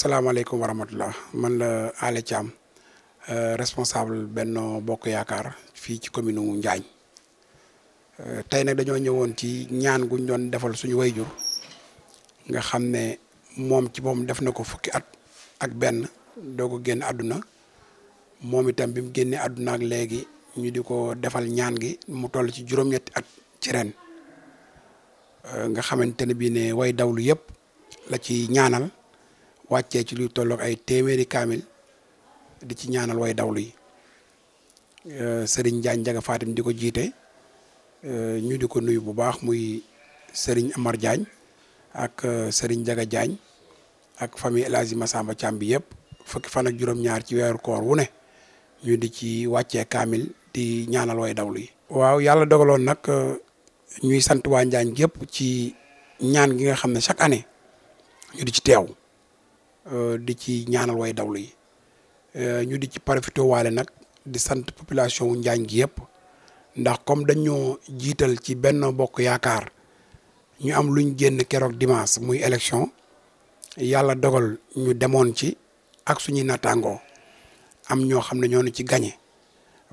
salaamaaleykum wa rahmatulah man la Alé Thiam euh, responsable benn Bokk Yaakaar fii ci commune u Njaañ euh, tey nag dañoo ñëwoon ci ñaan gu doon defal suñu wayjur nga xam ne moom ci moom def na ko fukki at ak benn doo ko génn àdduna moom itam bi mu génnee àdduna ak léegi ñu di ko defal ñaan gi mu toll ci juróom-ñetti at ci ren euh, nga xamante ne bii ne way dawlu yëpp la ci ñaanal. wàccee ci luy tolloog ay téeméeri kaamil di ci ñaanal way dawlu yi euh, Serigne Diagne Ndiaga di ko jiite euh, ñu di ko nuyu bu baax muy sëriñ Amar Diagne ak euh, Serigne Ndiaga Diagne ak famille El Hadji Massamba Thiam bi yëpp fukki fan ak juróom-ñaar ci weeru koor wu ne ñu di ci wàccee kaamil di ñaanal way dawlu yi. waaw yàlla dogaloon nag ñuy sant waa Njaañ gépp ci ñaan gi nga xam ne chaque année ñu di ci teew. Euh, di ci ñaanal way dawlu yi euh, ñu di ci profité waale nag di sant population wu Njaañ gi yëpp ndax comme dañoo jiital ci benn bokk yaakaar ñu am luñ génn keroog dimanche muy élection yàlla dogal ñu demoon ci ak suñuy nattaangoo am ñoo xam ne ñoo ci gagné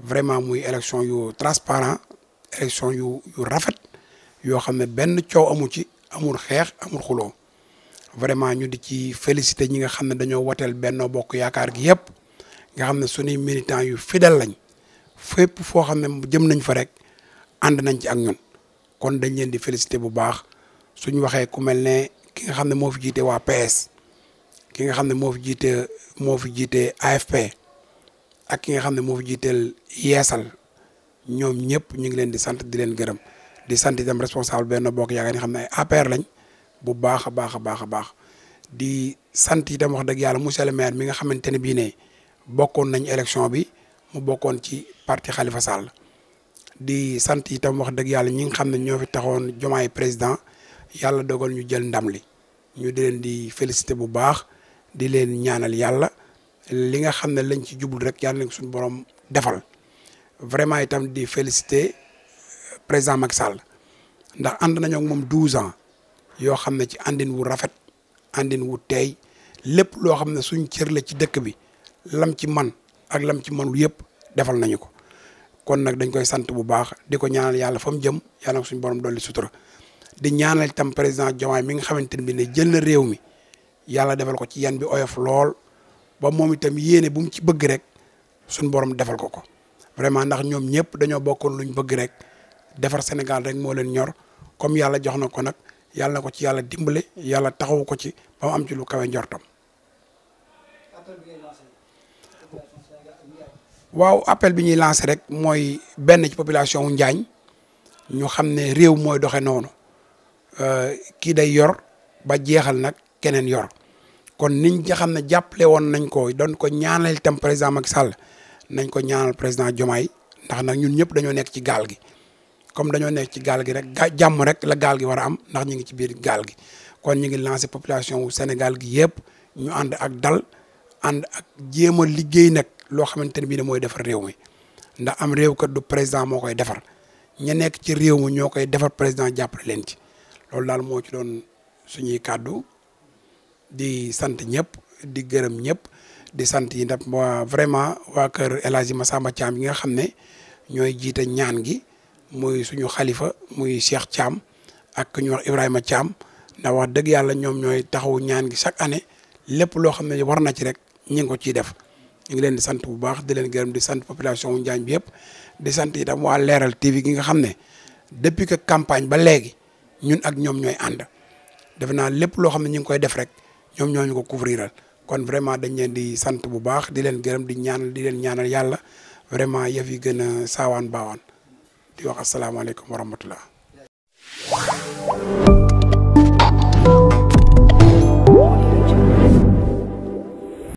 vraiment muy élection yu transparent élection yu yu rafet yoo xam ne benn coow amu ci amul xeex amul xulo vraiment ñu di ci félicité ñi nga xam ne dañoo woteel benn Bokk Yaakaar gi yëpp nga xam ne suñuy militants yu fidèle lañ fépp foo xam ne jëm nañ fa rek ànd nañ ci ak ñun kon dañ leen di félicité bu baax suñ waxee ku ne ki nga xam ne moo fi jiite waa PS ki nga xam ne moo fi jiite moo fi jiite AFP ak ki nga xam ne moo fi jiiteel yeesal ñoom ñëpp ñu ngi leen di sant di leen gërëm di sant itam responsable benn Bokk Yaakaar yi nga xam ne ay APR lañ bu baax a baax a baax a baax di sant itam wax dëgg yàlla mu le maire mi nga xamante ne bii ne bokkoon nañ élection bi mu bokkoon ci parti Khalifa Sall di sant itam wax dëgg yàlla ñi nga xam ne ñoo fi taxoon jomaay président yàlla dogal ñu jël ndam li ñu di leen di félicité bu baax di leen ñaanal yàlla li nga xam ne lañ ci jublu rek yàlla nañ suñu borom defal vraiment itam di félicité président Macky Sall ndax ànd nañoo ak moom 12 ans. yoo xam ne ci àndin wu rafet àndin wu teey lépp loo xam ne suñ cër la ci dëkk bi lam ci man ak lam ci manul yëpp defal nañu ko kon nag dañ koy sant bu baax di ko ñaanal yàlla fa mu jëm yàlla suñu borom dolli sutura di ñaanal itam président Diomaye mi nga xamante ne bi ne jël na réew mi yàlla defal ko ci yan bi oyof lool ba moom itam yéene bu mu ci bëgg rek suñu borom defal ko ko vraiment ndax ñoom ñëpp dañoo bokkoon luñ bëgg rek defar Sénégal rek moo leen ñor comme yàlla jox na ko nag yàlla ko ci yàlla dimbale yàlla taxawu ko ci ba am ci lu kawe njortam. waaw appel bi ñuy lancé rek mooy benn ci population wu Njaañ ñu xam ne réew mooy doxe noonu euh, kii day yor ba jeexal nag keneen yor kon niñ nga xam ne jàppale woon nañ ko doon ko ñaanal itam président Macky sàll nañ ko ñaanal président Diomaye ndax nag ñun ñëpp dañoo nekk ci gaal gi. comme dañoo nekk ci gaal gi rek jàmm rek la gaal gi war a am ndax ñu ngi ci biir gaal gi kon ñu ngi lancé population wu Sénégal gi yëpp ñu ànd ak dal ànd ak jéem a liggéey nag loo xamante ne bii ne mooy defar réew mi ndax am réew kat du président moo koy defar ña nekk ci réew mi ñoo koy defar président jàppale leen ci loolu daal moo ci doon suñuy kàddu di sant ñëpp di gërëm ñëpp di sant yi ndax vraiment waa kër El ma samba Thiam yi nga xam ne ñooy jiite ñaan gi muy suñu xalifa muy Cheikh Thiam ak ku ñuy wax Ibrahima Thiam ndax wax dëgg yàlla ñoom ñooy taxawu ñaan gi chaque année lépp loo xam ne war na ci rek ñi ngi ko ciy def ñu ngi sant bu baax di leen gërëm di sant population wu yëpp di sant itam waa Leeral TV gi nga xam ne depuis que campagne ba léegi ñun ak ñoom ñooy ànd def naa lépp loo xam ne ñu ngi koy def rek ñoom ñoo ñu ko couvriral kon vraiment dañ leen di sant bu baax di leen gërëm di ñaanal di leen ñaanal yàlla vraiment yëf yi gën a saawaan baawaan di wax asalaamaaleykum wa rahmatullah